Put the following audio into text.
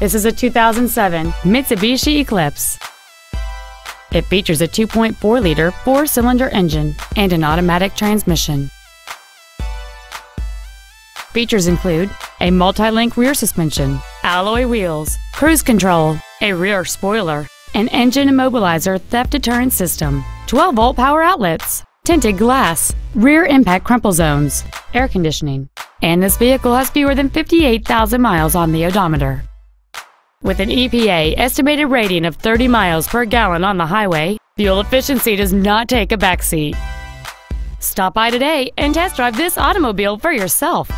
This is a 2007 Mitsubishi Eclipse. It features a 2.4 liter four cylinder engine and an automatic transmission. Features include a multi link rear suspension, alloy wheels, cruise control, a rear spoiler, an engine immobilizer theft deterrent system, 12 volt power outlets, tinted glass, rear impact crumple zones, air conditioning, and this vehicle has fewer than 58,000 miles on the odometer. With an EPA estimated rating of 30 miles per gallon on the highway, fuel efficiency does not take a backseat. Stop by today and test drive this automobile for yourself.